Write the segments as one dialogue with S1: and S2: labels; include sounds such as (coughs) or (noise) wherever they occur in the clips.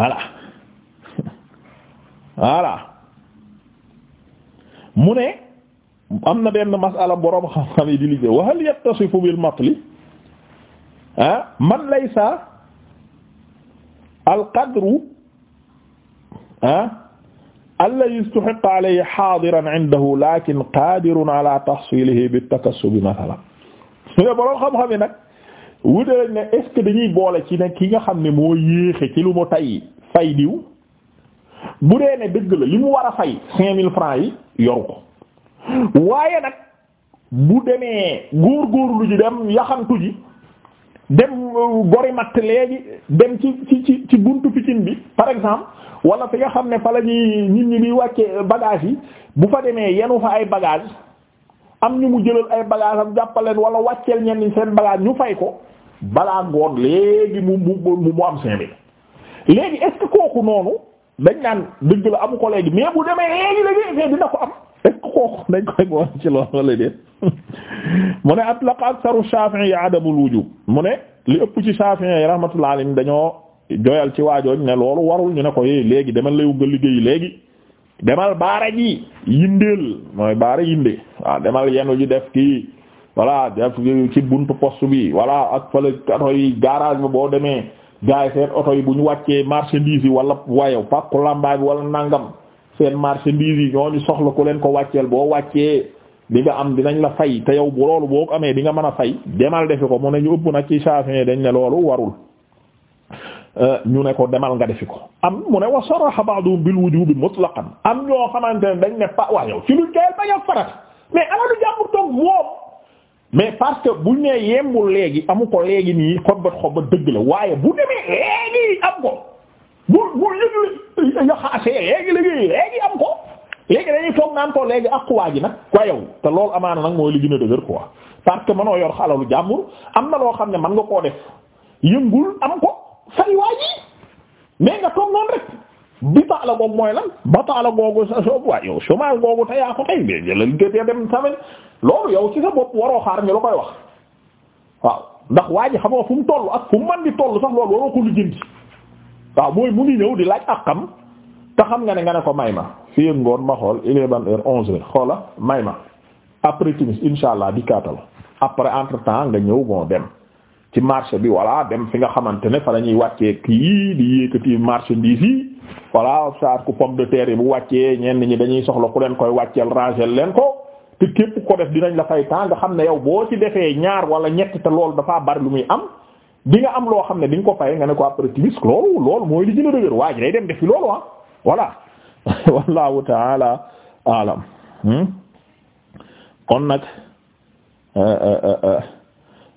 S1: voilà voilà mu ne am na benn masala boroom xam-xam yi di liggéey wa hal yattasifu bil matli ah man laysa al qadru ah alladhi istuhiqqa alayhi haadiran indahu lakin qadirun ala tahsilihi bit takassubi mathalan boroom xam-xam yi nag wute lañ ne est que dañuy boole ci ne ki nga xam ne moo yéexe ci lu mu tay fay diw bu dee ne dëgg la li mu war a fay cinq mille francs yi yoru ko waaye nag bu demee góor góor lu ji dem yaxantu ji dem euh, gori matt léegi dem ci ci ci ci buntu Pikine bi par exemple wala fi nga xam ne fa la ñuy nit ñi di wàcce bagage yi bu fa demee yenu fa ay bagage am ñu mu jëlal ay bagage am jàppaleen wala wàcceel ñenn seen bagage ñu fay ko balaa ngoon léegi mu mu mu am cinq mille léegi est kooku noonu dañ naan dëgg la amu ko léegi mais bu demee léegi léegi dina ko am est kooku dañ koy ngoon ci loolu wala déet (laughs) mu ne atlaqa aksaru Shafi'i adamul wujub mu ne li ëpp ci Shafi'i rahmatullahi alayhim dañoo joyal ci waajooj ne loolu warul ñu ne ko léegi demal lay wugga liggéey léegi demal baara ji yindeel mooy baara yindee waaw demal yenu ji def kii voilà def ci buntu poste bi voilà ak fële oto yi garage boo demee gars seen oto yi bu ñu wàccee marchandise yi wala wayew pàkku lambaay wala nangam seen marchandise yi soxla ku leen ko wàcceel boo wàccee di nga am dinañ la fay te yow bu loolu boo amee di nga mën a fay demal defi ko mu ne ñu ëpp nag ci Shafi'i dañ ne loolu warul euh, ñu ne ko demal nga defi ko am mu ne wa saraha ba'dhum bil wujubi mutlaqan am ñoo xamante ne dañ ne pa waa yow ci lu teel bañ a farat mais alalu jàmbur toog moom mais parce que buñ nee yembul léegi amu ko léegi nii xobbat xobbat dëgg la waaye bu demee léegi am ko bu bu yëg nga xaasee léegi léegi léegi am ko léegi dañuy toog naan ko léegi ak waa nag quoi yow te loolu amaana nag mooy li gën a dëgër parce que mënoo yor xalalu jàmbur am na loo xam ne mën nga koo def yëngul am ko fay waa ji mais nga toog noonu rek bi la googu mooy lan ba taala googu sa soob waa yow chômage googu te ko tey mais loolu yow ci sa bopp waroo xaar ñu la koy wax waaw ndax waa ji xamoo fu mu ak fu mu di toll sax loolu waroo ko lijjanti waaw mooy mu ngi ñëw di laaj akam te xam nga ne nga ne ko may ma fii ngoon ma xool il est ban heure onze heures xoola may ma après timis insha allah di kaatal après entre temps nga ñëw bon dem ci marché bi voilà dem fi nga xamante ne fa la ñuy wàccee kii di yékkati marchandise yi voilà saar ku pomme de terre yi bu wàccee ñenn ñi dañuy soxla ku leen koy wàcceel ranger leen ko te képp ko def dinañ la fay temps xam ne yow boo ci defee ñaar wala ñett te loolu dafaa bari lu muy am di am loo xam ne di ko fay nga ne ko après timis loolu loolu mooy li gën a dëgër waa ji day dem defi loolu ah voilà (laughs) wallahu taala alam hmm? kon nag euh, euh, euh,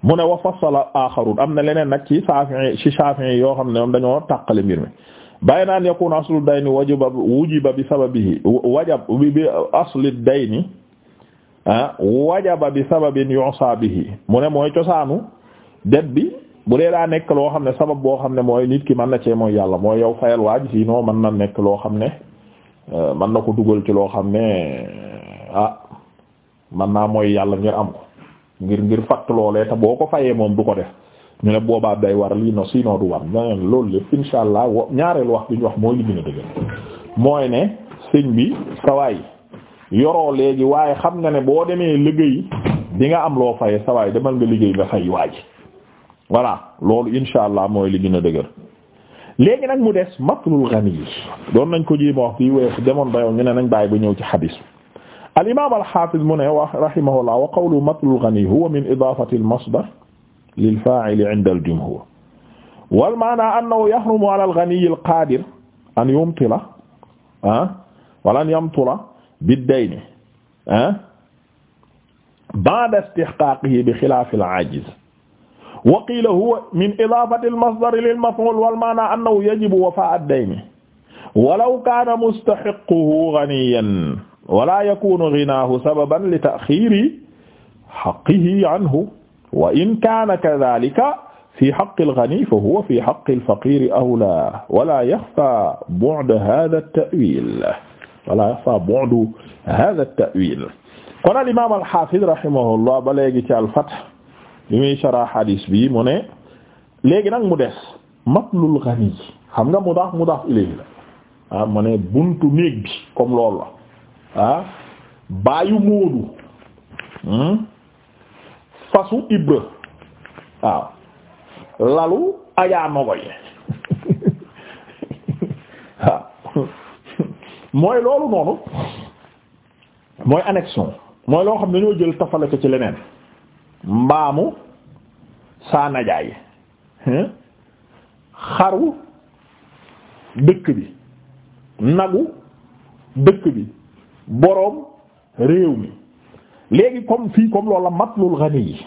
S1: mu ne wa fasala axarun am na leneen nag ci Shafi'i ci Shafi'i yoo xam ne moom dañoo tàqale mbir mi bàyyi naan yakun aslu dayni wajiba wujiba bi sababihi wajab bi asli dayni ah wajaba bi sababin yu'sa bihi mu ne mooy cosaanu det bi bu dee daa nekk loo xam ne sabab boo xam ne mooy nit ki mën na cee mooy yàlla mooy yow fayal waaj si non mën na nekk loo xam ne euh, mën na ko dugal ci loo xam ne ah mën naa mooy yàlla ngir am ko ngir ngir fatt loolee te boo ko fayee moom du ko def ñu ne boobaab day war lii no si du war ñaareel loolu lépp insha allah ñaareel wax bi ñu wax moo li gën a mooy ne sëñ bi sawaay yoroo léegi waaye xam nga ne boo demee liggéey di nga am loo faye sa waay demal nga liggéey nga fay waaj voilà loolu insha allah mooy li gën a nag mu des matlul ghani yi doon nañ ko ji ma wax fii weesu demoon bayow ñu ne nañ bàyyi ba ñëw ci xadis al imam al hafiz mu ne wa rahimahullah wa qawlu matlul ghani huwa min idafati al masdar lil fa'il 'inda al jumhur wal maana annahu yahrumu 'ala al ghani al qadir an yumtila ah wala an yamtula biddayni ah ba'da istihqaaqihi bi xilaafi al-'aajiz wa qiila huwa min idaafati al-masdari lil-maf'uul wal ma'naa annahu yajibu wafaa'u ad-dayni walaw kaana mustahiqquhu ganiyyan wala yakuunu ginaahu sababan li ta'xiiri haqqihi anhu wa in kaana kazaalika fi haqqil ganii fa huwa fi haqqil faqiiri awlaa wala yaxfaa bu'du haazaa at-ta'wiil voilà fa bu'du hadha at-ta'wil kon al imam al hafiz rahimahullah ba léegi ci al fath li muy sharah hadis bi mu ne léegi nag mu des matlul ghani xam nga mudaaf mudaaf ilayhi la ah, mu ne buntu néeg bi comme loolu la ah baayu móodu hmm? fasu ibra lalu ajaa nogoy waaw (laughs) mooy loolu noonu mooy annexion mooy loo xam ne dañoo jël tafale ko ci leneen mbaamu saa najaay xaru dëkk bi nagu dëkk bi boroom réew mi léegi comme fii comme loolu la matlul ghani yi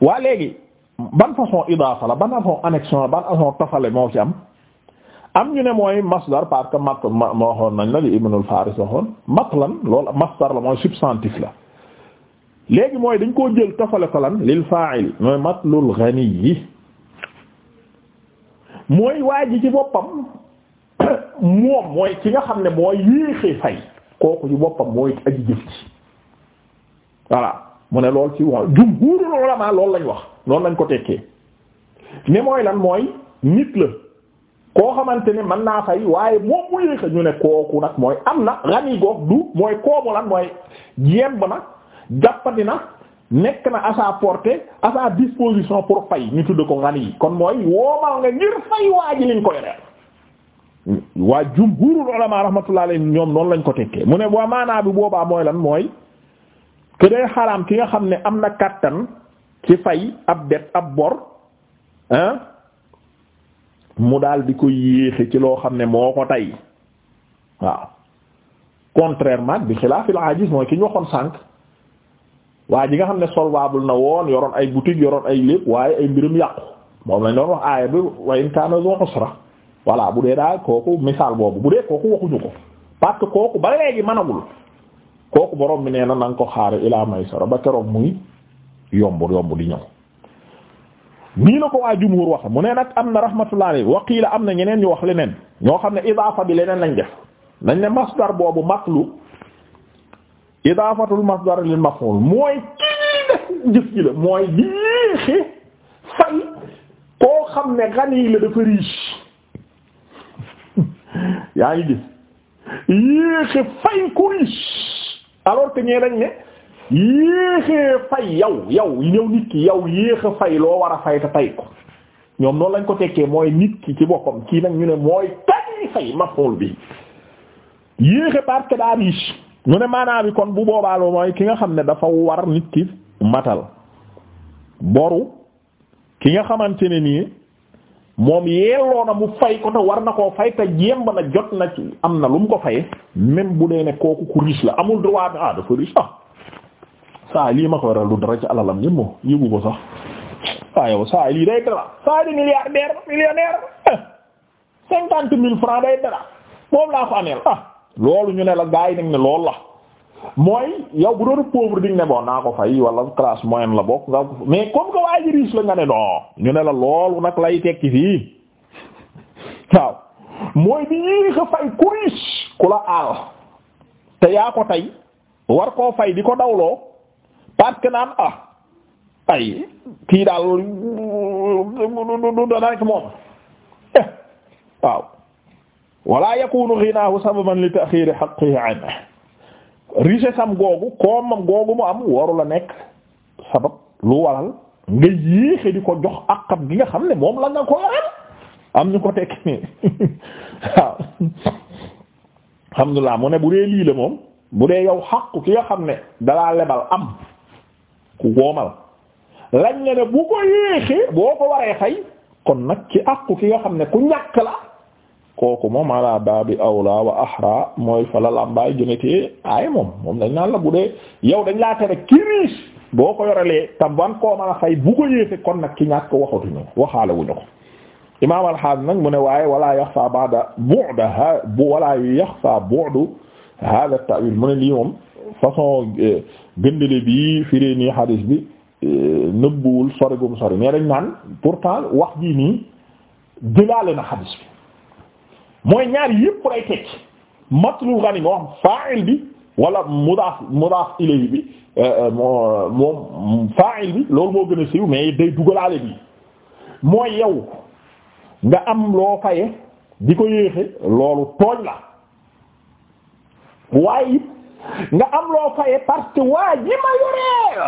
S1: waa léegi ban façon idaafa la ban façon annexion la ban façon tafale moo ci am am ñu ne mooy masdar parce que mat ma waxoon nañ la li Ibnul Faris waxoon matlan loolu masdar la mooy substantif la léegi mooy dañ koo jël tofale ko lan lil fa'il mooy matlul ghani yi mooy waa ji ci boppam (coughs) moom mooy ki nga xam ne mooy yéexee fay kooku ci boppam mooy aji jëf ci voilà mu ne lool ci wax jumhurul ulama loolu lañ wax noonu lañ ko tekkee ne mooy lan mooy nit la koo xamante ne man naa fay waaye moom mu yéex ñu ne kooku nag mooy am na rani goog du mooy koomu lan mooy yemb na jàppandi na nekk na à sa portée à disposition pour fay ñu tudd ko rani yi kon mooy woomal nga ngir fay waa ji liñ ko yoreel waa jumhurul ulama rahmatullahi alayhim ñoom noonu lañ ko tekkee mu ne waa maanaa bi boobaa mooy lan mooy ke day ki nga xam ne am na kattan ci fay ab det ab bor mu daal di ko yéexe ci loo xam ne moo ko tey waaw contrairement bi xilaafil aajis mooy ki ñu waxoon sànq waa ji nga xam ne solvable na woon yoroon ay boutique yoroon ay lépp waaye ay mbirum yàqu moom lañ doon wax aaya bi wa in kaana zu usra bu dee daal kooku misaal boobu bu dee kooku waxuñu ko parce kooku ba léegi managul kooku borom bi nee na na nga ko xaare ilaa maysara ba keroog muy yomb yomb di ñëw nii la ko waa jumhur wax mu ne nag am na rahmatullah alayhi wa qiila am na ñeneen ñu wax leneen ñoo xam ne idaafa bi leneen lañ def dañ ne masdar boobu matlu idaafatul masdar lil maf'ul mooy kii def jëf ji la mooy yéexe fay koo xam ne gani la dafa (laughs) yaa ngi gis yéexe fay ku riche alors que ñee dañ ne yéexee fay yow yow ñëw nit ki yow yéex a fay loo war a fay te fay ko ñoom noonu lañ ko tekkee mooy nit ki ci boppam kii nag ñu ne mooy tey bi yéexe parce ñu ne maanaam bi kon bu boobaa loolu mooy ki nga xam ne dafa war nit ki matal boru ki nga xamante ne nii moom yelloo na mu fay ko te war na koo fay te jéem na jot na ci am na lu mu ko fay même bu dee ne kooku ku riche la amul droit ah dafa riche ah. saa lii ma ko waral du dara ci alalam yëpp moom yëgu ko sax waaw day dara saa di milliardaire millionnaire eh cinquante mille francs day dara moom laa ko ah loolu ñu ne la gars yi nag ne loolu la mooy yow bu doon pauvre di ne bon naa ko fay wala classe moyenne la bokk nga mais comme que waa ji riche la nga ne non ñu ne la loolu nag lay tekki fii (laughs) waaw mooy bi ñuy ko fay ku riche ku la aal te yaa ko tey war koo fay di ko dawloo. parce que naan ah, ay kii daal du dana rek moom eh, waaw wala yakunu ghinahu sababan li ta'khir haqqihi anhu richesse am googu koomam googu mu am warula nekk sabab lu waral nga yéexe di ko jox akam gi nga xam ne moom la nga ko am am ñu ko tekk nii waaw alhamdulillah mu ne bu dee lii la moom bu dee yow xaqu ki nga xam ne dalaa lebal am ku woomal lañ la ne bu ko boo ko waree fay kon nag ci ki nga xam ne ku ñàkk kooku moom ala baabi awla wa ahra mooy fa la làmbaay jënatee ay moom moom dañ naan la bu dee yow dañ laa tere ki riis boo ko yorelee tam ban koo mën a fay bu ko yéexee kon nag ki ñàkk waxatuñu waxaale wuñu ko imaam alxaam nag mu ne waaye walaa yaxfaa ba'da bu'da ha bu walaa yaxfaa bu'du hada ta'wil mu ne gëndale bi firee nii xadis bi e, nëbbuwul sori gum sori mais dañ naan pourtant wax jii nii jëlaale na xadis bi mooy ñaar yëpp lay teg gani nga wax fa'il bi wala mudaaf mudaaf ilayhi bi e, e, moo moom fa'il gën a siiw mais day dugalaale bi mooy yow nga am loo faye di ko yéexe loolu tooñ la waaye nga am loo fayee parce que waa ma yoree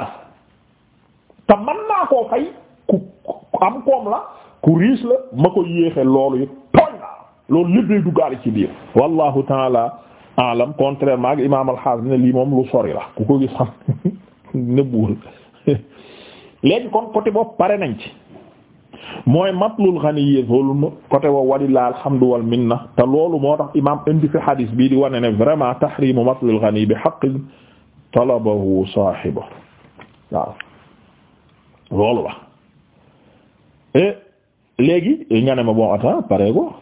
S1: te man naa koo fay ku am koom la ku riche la ma ko yéexe loolu yi tooñ loolu lépp day duggaale ci biir wallahu taala alam contrairement ak imam alxaas ne lii moom lu sori la ku ko gis xam (laughs) nëbbuwul (laughs) léegi kon côté boobu pare nañ ci mooy matlul ghaniy zulm côté wa walillahi alhamdu wal minna te loolu moo tax imaam indi fi hadis bii di wane ne vraiment tahrimu matlul ghani bi haqqin talabahu saahibuhu waaw loolu wax et léegi nga ma bon attends pare ko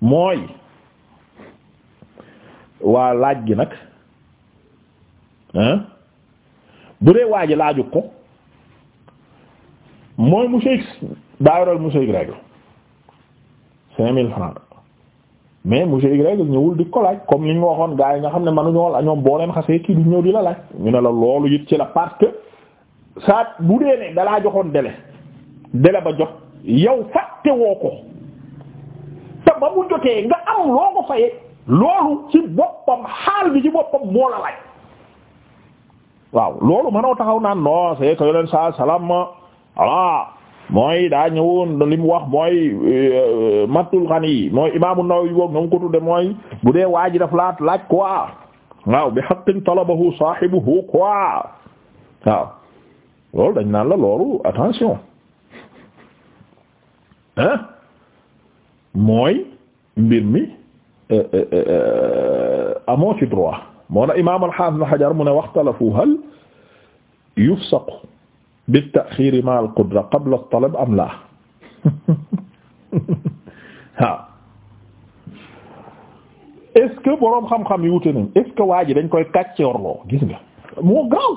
S1: mooy waa laaj gi nag hein bu dee waa ji laaju mooy monsieur X daa yoral monsieur Y cinq mille francs mais monsieur Y ñëwul di ko laaj comme li ñu waxoon gaa yi nga xam ne mënuñoo la ñoom boo leen xasee kii du ñëw di la laaj ñu ne la loolu it ci la parce que saa bu dee ne dalaa joxoon délai délai ba jot yow fàtte woo ko te ba mu jotee nga am loo ko fayee loolu ci boppam xaal bi ci boppam moo la laaj waaw loolu mënoo taxaw naan non c'est que yeneen saa salaam. voilà mooy daa ñëwoon li wax mooy euh, matul xan yi mooy imaamu Nawawi boog na mu ko tudde mooy bu dee waa ji daf laat laaj quoi waaw bi haqqin talabahu saahibuhu quoi waaw loolu dañ naa la loolu attention hein mooy mbir mi euh, euh, amoo ci droit moo na imaam al-Hafiz Hajar mu ne waxtalafu hal yufsaqu bi taxiiri ma al qabla al am laa waaw est boroom xam-xam yi wute nañ waa ji dañ koy kàccoorloo gis nga moo gaaw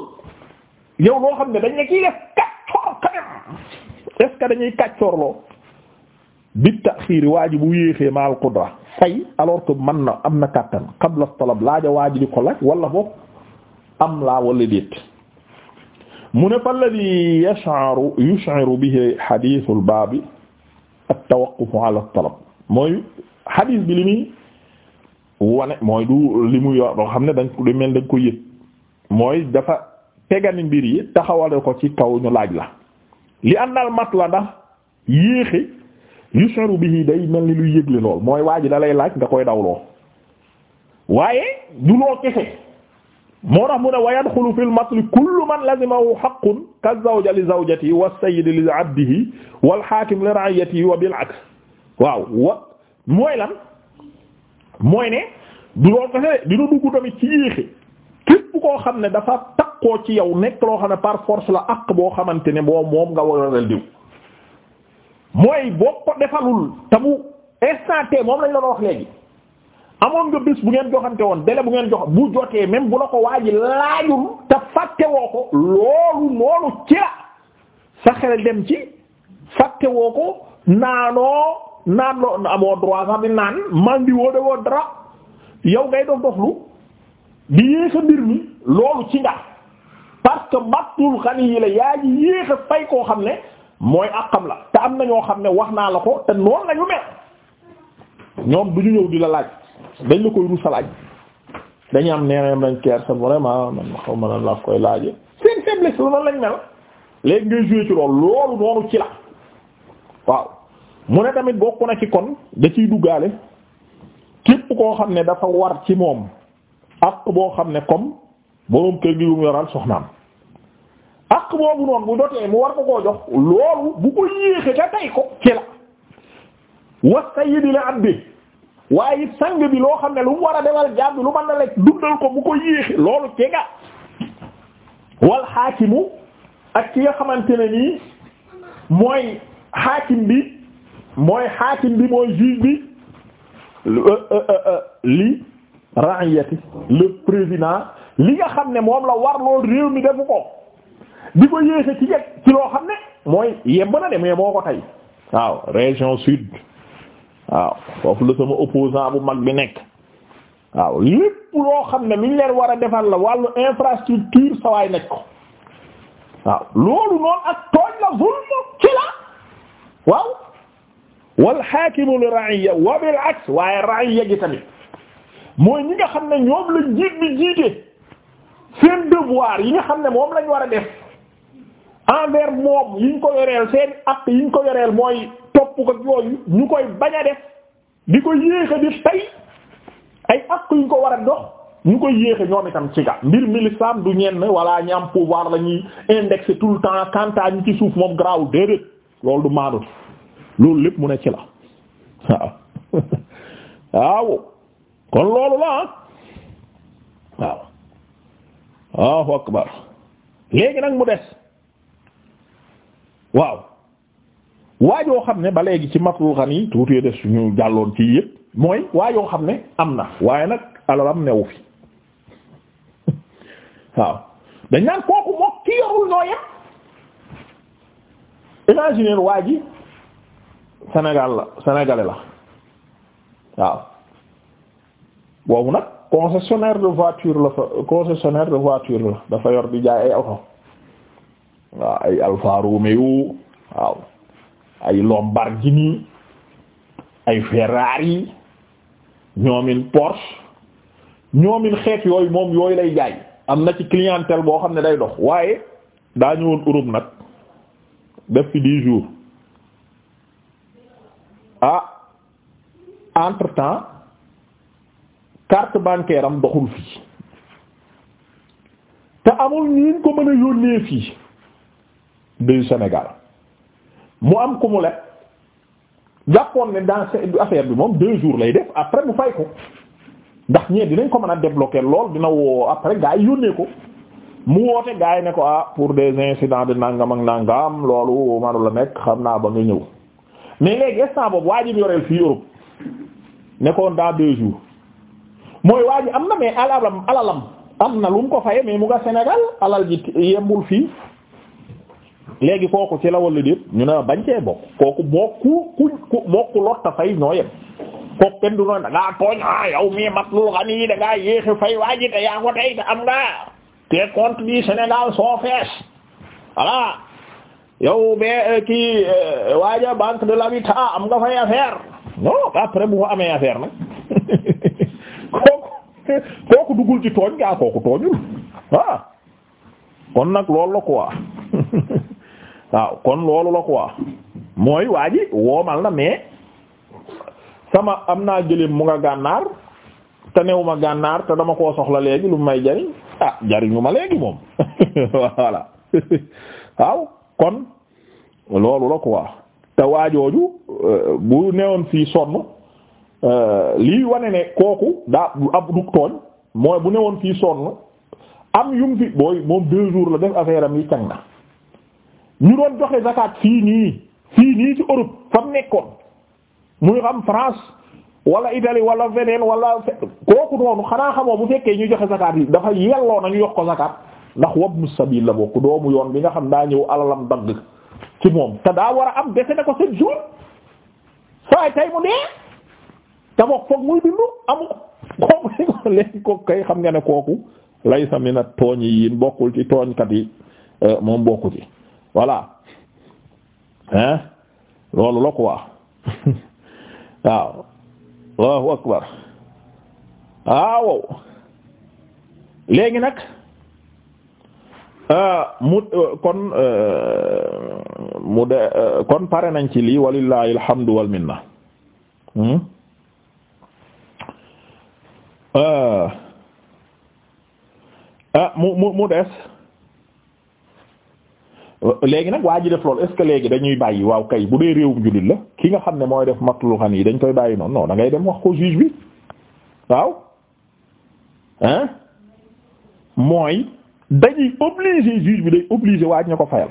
S1: yow loo xam ne dañ ne kii def kàccoor bi taxiiri waa ji bu yéexee ma al fay alors que man na am na kàttan qabla al laaja waa ji di ko laaj wala boog am laa wala déet mu ne fa lladi yash'aru yush'iru bihi hadithul baabi at-tawaqquf ala at-talab mooy hadith bi li muy wane mooy du li mu yo loo xam ne dañ ko du mel dañ ko yëg mooy dafa tegani mbir yi taxawale ko ci kaw ñu laaj la li annal mat la ndax yéexi yusharu bihi day mel ni luy yëgle lool mooy waa ji da lay laaj nga koy dawloo waaye du loo kese moo tax mu ne wa yadxulu fil matli kullu man lazimahu haqqun ka zawja li zawjatihi wa sayyid li abdihi wal haakim li ra'iyatihi wa bil aks waaw mooy lan mooy ne du loolu kese dina dugg tamit ci yéexe képp koo xam ne dafa takkoo ci yow nekk loo xam ne par force la ak boo xamante ne boo moom nga waral diw mooy boo ko defalul te mu instant moom lañ la wax léegi. amoon nga bés bu ngeen joxante woon délai bu ngeen jox bu jotee même bu la ko waa ji laajul te fàtte woo ko loolu loolu ci la sa xel dem ci fàtte woo ko naanoo naan loo amoo droit sax di naan mandi de woo dara yow ngay dox doxlu di yéex mbir mi loolu ci nga parce que mattul xani yi la yaa ji yéex fay koo xam ne mooy àqam la te am na ñoo xam ne wax naa la ko te noonu lañu mel ñoom du ñu ñëw di la laaj dañ la koy rusalaaj dañu am neeneem dañ keer sa vraiment man xaw ma nan laa koy laaje seen faiblesse la noonu lañ mel léegi ngay joué ci loolu loolu noonu ci la waaw mu ne tamit bokk na ci kon da ciy duggaale képp koo xam ne dafa war ci moom ak boo xam ne comme boroom kër gi bu mu yoral soxnaam ak boobu noonu bu dotee mu war ko koo jox loolu bu ko yéexee ka tay ko ci la was sa yi di la abdi waaye it sang bi loo xam ne lu mu war a defal jaam bi lu mën na lekk dundal ko bu ko yéexi loolu cega wal xaakimu ak ki nga xamante ne nii mooy xaakim bi mooy xaakim bi mooy juge bi euh, euh, euh, li ra'iyati le président li nga xam ne moom la war loolu réew mi defu ko di ko yéexe ci jeg ci loo xam ne mooy yemb na de mais moo ko tey waaw région sud waaw foofu la sama opposant bu mag bi nekk waaw lépp loo xam ne luñ leen war a defal la wàllu infrastructure sawaay nekk ko waaw loolu noonu ak tooñ la zulmu ci la waaw wal hakimu li ra'iya wa bil aks waaye ra'iya gi tamit mooy ñi nga xam ne ñoom la jiit bi jiite seen devoir yi nga xam ne moom lañ war a def envers moom yiñ ko yoreel seen acte yiñ ko yoreel mooy topp ko yooyu a def di ko yéexa di tay ay ak yuñ ko war a dox ñu koy yéexe ñoom itam ci ga mbir mi l'islam du ñenn walla ñi am pouvoir la ñuy indexer tout le temps quant ñu ci suuf moom garaawul déedéet loolu du maanut loolu lépp mu ne ci la waaw (laughs) waaw kon loolu ah léegi nag mu des waaw waajoo xam ne ba léegi ci matul xan yi tuuti def suñu jàlloon ci yëpp mooy waajoo xam ne am na waaye nag alalam newu fi (laughs) waaw dañ naan kooku mook ki yorul ñoo yem imaginer waa ji Sénégal la sénégalais la waaw boobu nag concessionnaire de voiture la fa concessionnaire de voiture la dafa yor di jaay ay oto waaw ay Alfa Romeo waaw ay Lamborghini ay Ferrari ñoomin Porsche ñoomin xeet yooyu moom yooyu lay jaay am na ci clientèle boo xam ne day dox waaye daa ñëwoon Europe nag def fi dix jours ah entre temps carte bancaire am doxul fii te amul ñun ko mën a yónnee fii du Sénégal mu am ku mu leb jàppoon ne dans affaire bi moom deux jours lay def après mu fay ko ndax ñee dinañ ko mën a débloquer lool dina woo après gaa yónnee ko mu woote gaa yi ne ko ah pour des incidents de nangam ak nangam loolu manu la nekk xam naa ba nga ñëw mais léegi instant boobu waa ji mu yoreel fii Europe nekkoon dans deux jours mooy waa am na mais alalam alalam am na lu mu ko faye mais mu nga Sénégal alal ji yembul fii léegi kooku ci la wala déet ñu ne bañ cee bokk kooku bokku ku ku fay ñoo yem kooku kenn du noonu da tooñ ah yow mii matlul xanii da ngaa yéexi fay waa ji te yaa ko tey te am nga te compte bi Sénégal soo fees voilà yow bee euh, euh, waaja banque de l'habitat ah, am nga fay affaire non après bu ma amee affaire nag (laughs) kooku kooku duggul ci tooñ gaa kooku tooñul ah kon nag loolu la quoi (laughs) waaw kon loolu la quoi mooy waa ji woomal na mais sama am naa gëléem mu nga gànnaar te newuma gànnaar te dama koo soxla léegi lu may jariñ ah jariñu ma léegi moom (laughs) voilà waaw kon loolu la quoi te waajooju euh, bu newoon fii sonn euh, lii wane ne kooku daa ab dug tooñ mooy bu newoon fii sonn am yum fi booy moom deux jours la def affaire yi càng na ñu doon joxe zakat fii nii fii nii ci Europe fam nekkoon muy xam France wala Italie wala feneen wala kooku noonu xanaa xamoo bu fekkee ñu joxe zakat yi dafa na nañu yokk ko zakat ndax wabnu sabil la bokk doomu yoon bi nga xam daa ñëw alalam dagg ci moom te daa war a am dese na ko sept jours saa tay mu dee te moom foog muy bindu amu ko léegi ko kay xam nga ne kooku laysa mina tooñ yi bokkul ci tooñkat yi euh, moom bokku ci voilà hein loolu la quoi (laughs) waaw Allahu akbar ah, waaw léegi nag euh, mu euh, kon euh, de kon pare nañ ci lii walillahi alhamdu wal minna hmm? mu mu mu des léegi nag waa ji def loolu est-ce que léegi dañuy bàyyi waaw kay bu dee réewum jullit la ki nga xam ne mooy def matluxan yi dañ koy bàyyi noonu non da ngay dem wax ko juge bi waaw hein mooy dañuy obligé ko fayal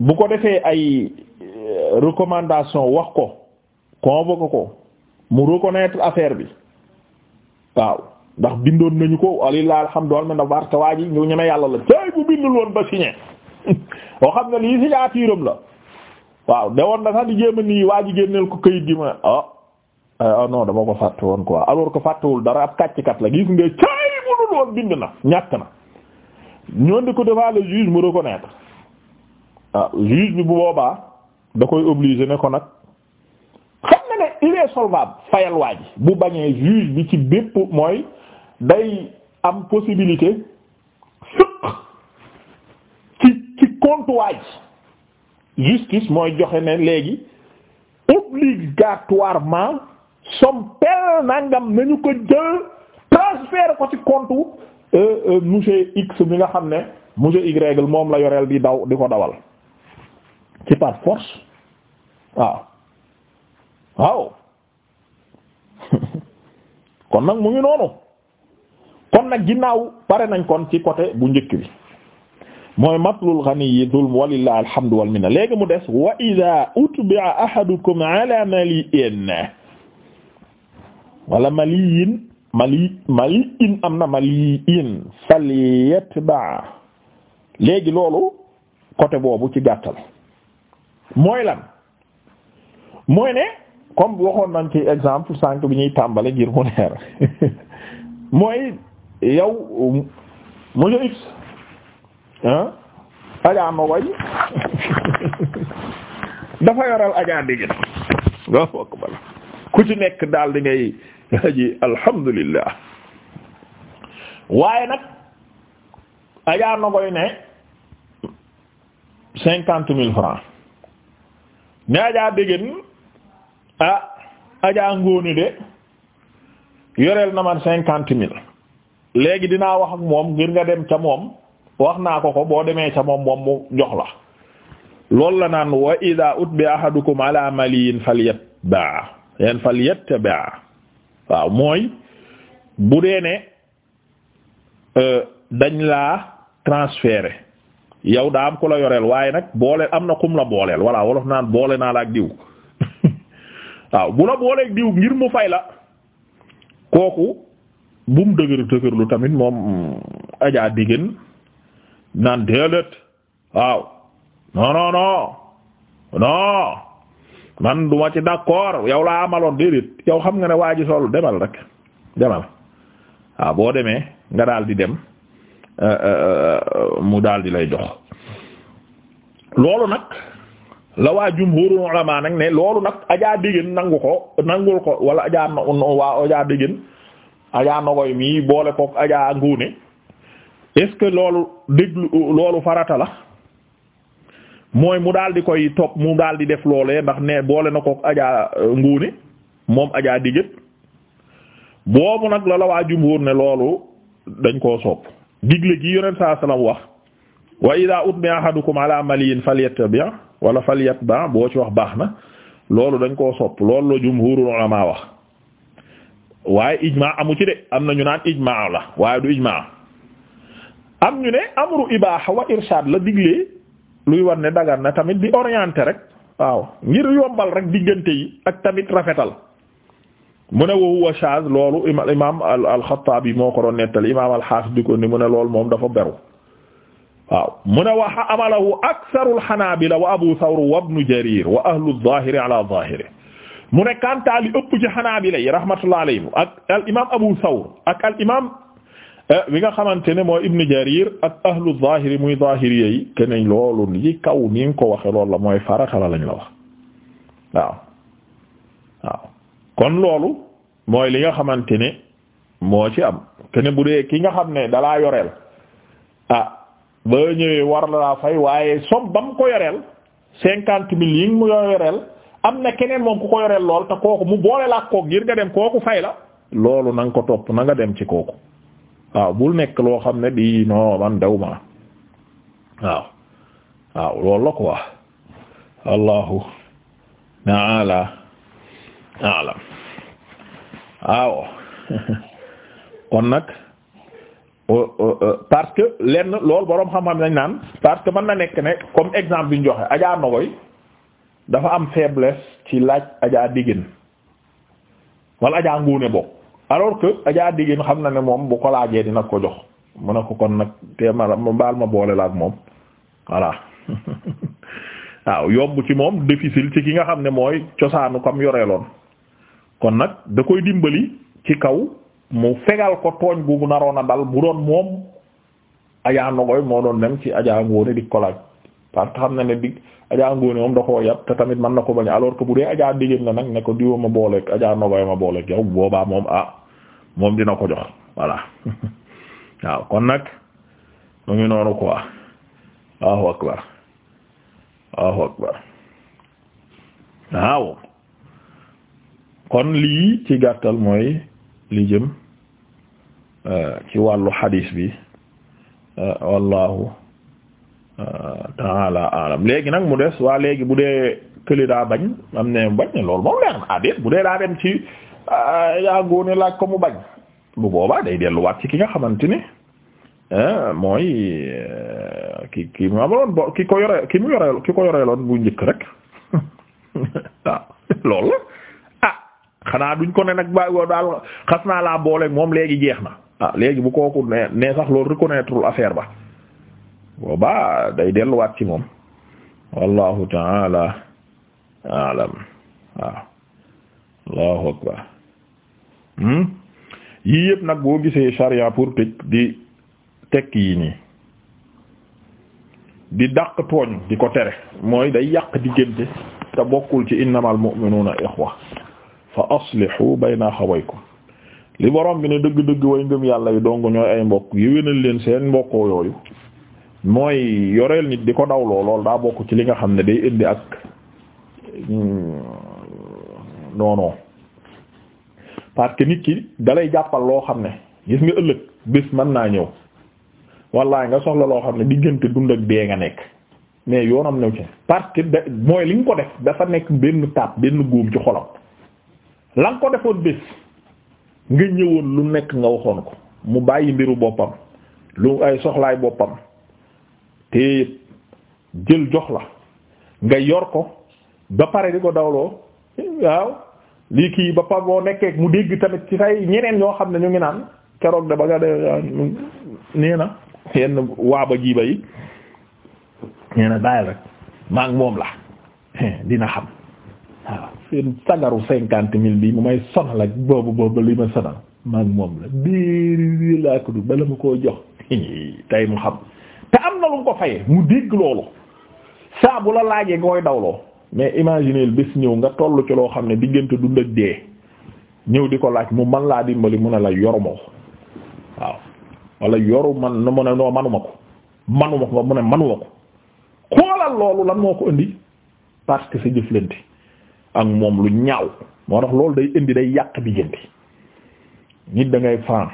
S1: bu ko defee ay euh, recommandation wax ko convoqué ko mu reconnaître affaire bi waaw ndax bindoon nañu ko alhamdulilah alhamdulilah na barke waa ji ñu ñeme yàlla la tey bu bindul woon ba signé (laughs) boo xam ne lii signaturam la waaw de woon na sax di jéem a nii waa ji génneel ko kayit gi ma ah ah, ah non dama ko fàtte woon ko alors ko fàttewul dara ab kàccikat la gis nga tey bu woon bind na ñàkk na ñoo di ko devant le juge mu reconnaître ah juge bi bu boobaa da koy obligé ne ko nag xam na ne il solvable fayal waa ji bu bañee juge bi ci bépp mooy. day am possibilité sëq ci ci comptoir justice mooy joxe ne léegi obligatoirement somme pel nangam nañu ko jël transférer ko ci compte euh, euh, monsieur X mi nga xam ne monsieur Y moom la yoreel di daw di ko dawal ci par force waaw waaw (laughs) kon nag mu ngi noonu kon nag ginnaaw pare nañ kon ci côté bu njëkk bi mooy matlul ghaniyi zulm walillahi alhamdu wal minna léegi mu des wa idha utbi'a ahadukum ala mali'in walla mali'in mali mali'in am na mali'in falyatba léegi loolu côté boobu ci gàttal mooy lan mooy ne comme waxoon nañ ki exemple sànq bi ñuy tàmbali ngir mu leer (laughs) mooy yow monsieur X ah Adja (laughs) dafa yoral Adja Ndieguène nga fokk bala ku ci nekk daal di ngay aji alhamdulillah waaye nag Adja Nogoy ne cinquante mille francs ne Adja Ndieguène ah Adja Ngóone de yoreel na man cinquante mille léegi dinaa wax ak moom ngir nga dem ca moom wax naa ko ko boo demee ca moom moom mu jox la loolu la naan wa ida utbi ahadukum ala maliyin falyatba yen falyatba waaw mooy bu dee ne euh, dañ la transféré yow daa am ku la yoreel waaye nag boole am na kum la booleel walla wolof naan boole naa la ak diw (laughs) waaw bu la booleeg diw ngir mu fay la kooku bu mu dëgër dëgërlu tamit moom ajaa diggéen naan déelét waaw non non non man duma ci d'accord yow laa amaloon déedéet yow xam nga ne waa ji sol demal rek demal waaw boo demee nga daal di dem euh, euh, euh, mu daal di lay jox loolu nag la waa jumhurul ulama nag ne loolu nag ajaa diggéen nangu ko nangul ko wala ajaa waa ajaa diggéen ajaa nogoy mii boole kook ajaa nguune est-ce que loolu déglu loolu farata la mooy mu daal di koy topp mu daal di def loolee ndax ne boole na kook ajaa nguune euh, moom ajaa digét boobu nag la la waa jumhur ne loolu dañ koo sopp digle gi yonent saa salaam wax wa ida utmi ahadukum ala bi a wala falyatba boo ci wax baax na loolu dañ koo sopp loolu la jumhurul maa wax waaye ijmaa amu ci de am na ñu naan ijmaa la waaye du ijmaa am ñu ne amru ibaaha wa irshad la diglee luy war ne dagan na tamit di orienter rek aw ngir yombal rek diggante yi ak tamit rafetal mu ne wa huwa shaz loolu imaam al-Xattaabi moo ko doon nettali imaam al-Xaafis di ko ni mu ne loolu moom dafa beru waaw mu ne wa amalahu aktharu al-Hanaabila wa Abu sawru wa Ibnu Jariir wa ahlu adh ala dhaahiri mu ne Kantaa li ëpp ci Hanaabila yi rahmatullah alayhim ak al imaam Abu Thawr ak al imaam eh, bi nga xamante ne mooy Ibn Jarir ak ahlu zahiri muy zahiri yi que ne loolu li kaw ni nga ko waxe loolu la mooy farata la lañ la wax waaw kon loolu mooy li nga xamante ne moo ci am que ne bu dee ki nga xam ne dalaa yoreel ah ba ñëwee war la fay waaye som ba ko yoreel cinquante mille yi mu yoreel. am na keneen moom ku ko yoreel lool te kooku mu boole la ak ngir nga dem kooku fay la loolu nanga ko topp na nga dem ci kooku waaw bu nekk loo xam ne di non man daw ma waaw waaw loolu la quoi (laughs) kon nag parce que lenn loolu boroom xam-xam nañ naan parce que mën na nekk ne comme exemple bi ñu joxe Adja Nogoy dafa am faiblesse ci laaj ajaa diggin wala ajaa nguune bokk alors que ajaa diggin xam na ne moom bu ko laajee dina ko jox mu ne ko kon nag te ma baal ma boole la moom voilà (laughs) waaw yomb ci moom difficile ci ki nga xam ne mooy cosaanu kam yoreeloon kon nag da koy dimbali ci kaw mu fegal ko tooñ bu naroon a dal bu doon moom ajaa nogoy moo doon dem ci ajaa nguune di ko parce que xam na ne dig ajaa ngoone moom da koo yab te tamit mën na ko bañ alors que bu dee ajaa digéen na nag ne ko diwa ma booleeg ajaa nobay ma booleeg yow boobaa moom ah moom dina ko jox voilà (laughs) waaw kon nag mu ngi lii ci gàttal mooy li jëm euh, ci wàllu xadiis bi euh, wallahu taala alam léegi nag mu des waa léegi bu dee këli daa bañ am ne bañ ne loolu moom leer na ah bu dee daa dem ci ah, yaa ne laaj ko mu bañ bu boobaa day delluwaat ci ki nga xamante ni mooy euh, ki ki mu amaloon bo ki ko yore ki mu yore ki ko yore yoreeloon bu njëkk rek waaw (laughs) ah, loolu ah xanaa duñ ko ne nag ba daal xas naa laa boole moom léegi jeex na ah léegi bu kooku ne nee sax loolu reconnaître affaire ba booba day delluwaat ci moom wallahu taala alam waaw allahu akbar hmm? yii yëpp nag boo gisee charia pour tëj di tekk yi nii di dàq tooñ di ko tere mooy day yàq diggante te bokkul ci innamal mu'minuna ikhwa fa aslihu bayna xawaykum li borom bi ne dëgg-dëgg way ngëm yàlla yi dong ñooy ay mbokk yéwénal leen seen mbokkoo yooyu mooy yoreel nit di ko dawloo lool daa bokk ci li nga xam ne day indi ak mm, non non parce que nit ki dalay jàppal loo xam ne gis nga ëllëg bés mën naa ñëw wallaay nga soxla loo xam ne diggante dund ak dee nga nekk mais yoonam new ci parce que mooy li nga ko def dafa nekk benn taat benn góom ci xolam la nga ko defoon bés nga ñëwoon lu nekk nga waxoon ko mu bàyyi mbiru boppam lu ay soxlaay boppam te jël jox la nga yor ko ba pare di ko dawloo waaw lii kii ba pare boo nekkee mu dégg tamit ci say ñeneen ñoo xam ne ñu ngi naan keroog de ba nga de ah, nee na yenn waaba jiiba yi nee maa ngi moom la dina xam waaw seen sagaru cinquante mille bi mu may sonal ak boobu boobu li ma sonal maa ngi moom la biir laa ko du bala ma koo jox (laughs) tey mu xam te am na lu nga ko fayee mu dégg loolu saa bu la laajee ngooy dawloo mais imaginer bés ñëw nga toll ci loo xam ne diggante dund ak dee ñëw di ko laaj mu man laa dimbali mu a la yoruma ko waaw wala yoru man nu mu ne noo manuma ko manuma ko mu ne manuma ko xoolal loolu lan moo ko indi parce que sa jëflante ak moom lu ñaaw moo tax loolu day indi day yàq diggante nit da ngay faan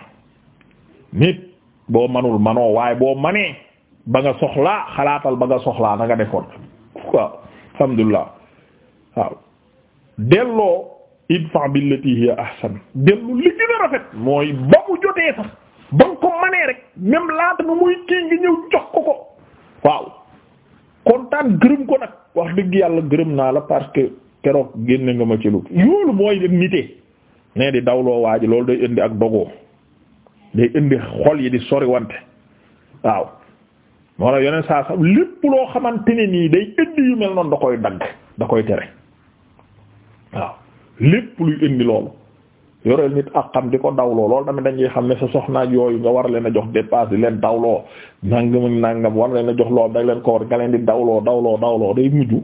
S1: nit boo manul manoo waaye boo manee ba nga soxlaa xalaatal ba nga soxlaa na nga defoon waaw alhamdulilah waaw delloo idfa billati hiya ahsan dellu li gën rafet mooy ba mu jotee sax ba nga ko manee rek même laata mu muy kii ngi ñëw jox ko ko waaw kontaan gërëm ko nag wax dëgg yàlla gërëm naa la parce que keroog génne nga ma ci lu yoolu mooy de nitee ne di dawloo waa ji loolu day indi ak dogoo day indi xol yi di sori wante waaw moo yeneen saa sax lépp loo xamante ne nii day indi yu mel noonu da koy dagg da koy tere waaw lépp luy indi loolu yoreel nit ak xam di ko dawloo loolu tamit dañuy xam ne sa soxnaaj yooyu nga war leen a jox dépasse di leen dawloo nangam ak nangam war leen a jox loolu dag leen ko war nga leen di dawloo dawloo dawloo day mujj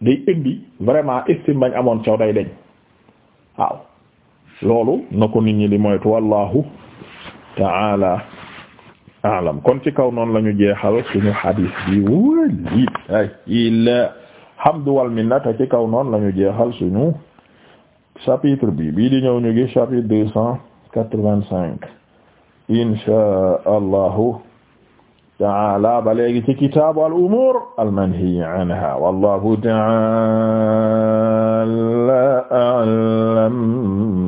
S1: day indi vraiment estime bañ amoon caw day deñ waaw loolu na ko nit ñi di moytu wallahu ta'ala alam kon ci kaw noonu la ñu jeexal suñu hadis bi walillahi alhamdu wal minna te ci kaw noonu la ñu jeexal suñu chapitre bi bii di ñëw ñu ngi chapitre deux cent quatre-vingt-cinq insha allahu taala ba léegi ci kitaabu al umuur al manhiyi anha wallahu taala alam